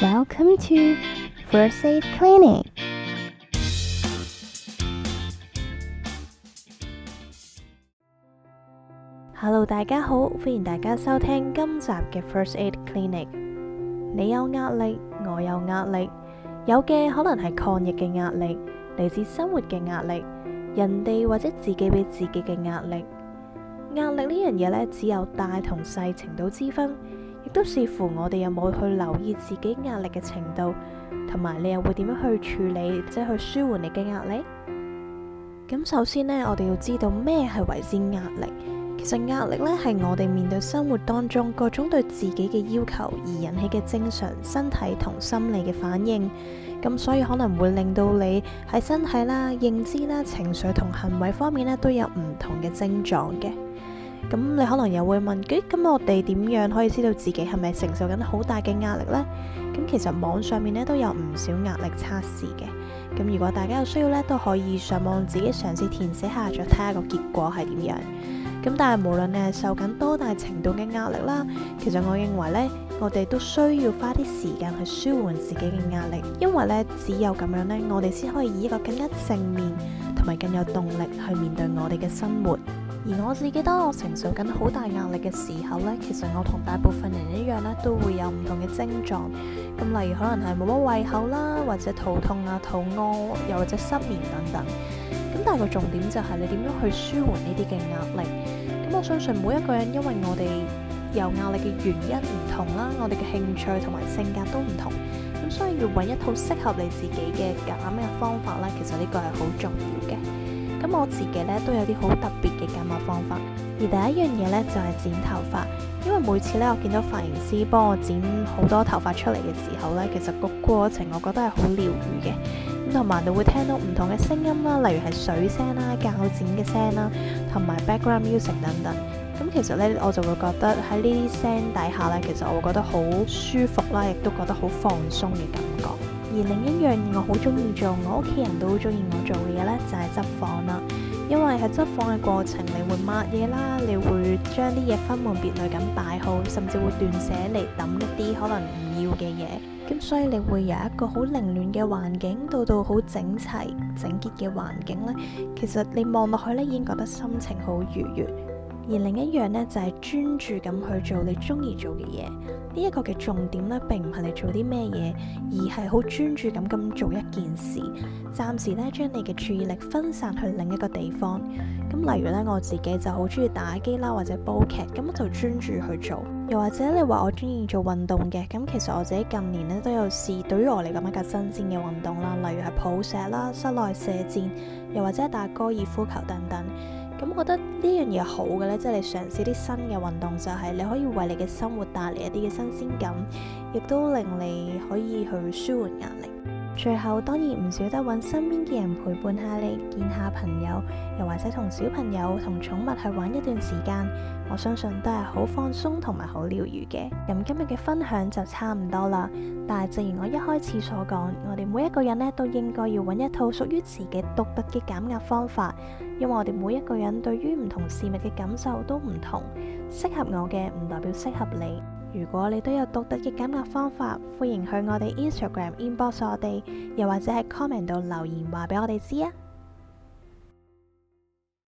Welcome to First Aid Clinic. Hello，大家好，歡迎大家收聽今集嘅 First Aid Clinic。你有壓力，我有壓力。有嘅可能係抗疫嘅壓力，嚟自生活嘅壓力，人哋或者自己俾自己嘅壓力。壓力呢樣嘢呢，只有大同細程度之分。都視乎我哋有冇去留意自己壓力嘅程度，同埋你又會點樣去處理，即係去舒緩你嘅壓力。咁首先呢，我哋要知道咩係為之壓力。其實壓力呢係我哋面對生活當中各種對自己嘅要求而引起嘅正常身體同心理嘅反應。咁所以可能會令到你喺身體啦、認知啦、情緒同行為方面呢，都有唔同嘅症狀嘅。咁你可能又會問，「誒咁我哋點樣可以知道自己係咪承受緊好大嘅壓力呢？」咁其實網上面呢都有唔少壓力測試嘅。咁如果大家有需要呢都可以上網自己嘗試填寫下，再睇下個結果係點樣。咁但係無論你係受緊多大程度嘅壓力啦，其實我認為呢，我哋都需要花啲時間去舒緩自己嘅壓力，因為呢，只有咁樣呢，我哋先可以以一個更加正面同埋更有動力去面對我哋嘅生活。而我自己當我承受緊好大壓力嘅時候呢，其實我同大部分人一樣咧，都會有唔同嘅症狀。咁例如可能係冇乜胃口啦，或者肚痛啊、肚屙，又或者失眠等等。咁但係個重點就係你點樣去舒緩呢啲嘅壓力。咁我相信每一個人，因為我哋有壓力嘅原因唔同啦，我哋嘅興趣同埋性格都唔同。咁所以要揾一套適合你自己嘅減壓方法呢，其實呢個係好重要嘅。咁我自己咧都有啲好特別嘅減壓方法，而第一樣嘢呢，就係剪頭髮，因為每次呢，我見到髮型師幫我剪好多頭髮出嚟嘅時候呢，其實個過程我覺得係好療愈嘅，咁同埋你會聽到唔同嘅聲音啦，例如係水聲啦、較剪嘅聲啦，同埋 background music 等等。咁其實呢，我就會覺得喺呢啲聲底下呢，其實我會覺得好舒服啦，亦都覺得好放鬆嘅感覺。而另一樣我好中意做，我屋企人都好中意我做嘅嘢呢，就係執房啦。因為喺執房嘅過程，你會抹嘢啦，你會將啲嘢分門別類咁擺好，甚至會斷捨離，抌一啲可能唔要嘅嘢。咁所以你會由一個好凌亂嘅環境到到好整齊、整潔嘅環境呢，其實你望落去呢，已經覺得心情好愉悅。而另一樣呢，就係、是、專注咁去做你中意做嘅嘢。呢、這、一個嘅重點呢，並唔係你做啲咩嘢，而係好專注咁咁做一件事。暫時呢，將你嘅注意力分散去另一個地方。咁例如呢，我自己就好中意打機啦，或者煲劇，咁我就專注去做。又或者你話我中意做運動嘅，咁其實我自己近年呢都有試。對於我嚟講，一個新鮮嘅運動啦，例如係抱射抱石啦、室內射箭，又或者打高爾夫球等等。咁我覺得呢樣嘢好嘅咧，即係你嘗試啲新嘅運動，就係你可以為你嘅生活帶嚟一啲嘅新鮮感，亦都令你可以去舒緩壓力。最後當然唔少得揾身邊嘅人陪伴下你，見下朋友，又或者同小朋友、同寵物去玩一段時間，我相信都係好放鬆同埋好療愈嘅。咁今日嘅分享就差唔多啦，但係正如我一開始所講，我哋每一個人呢都應該要揾一套屬於自己獨特嘅減壓方法，因為我哋每一個人對於唔同事物嘅感受都唔同，適合我嘅唔代表適合你。如果你都有獨特嘅減壓方法，歡迎去我哋 Instagram inbox 我哋，又或者喺 comment 度留言話畀我哋知啊！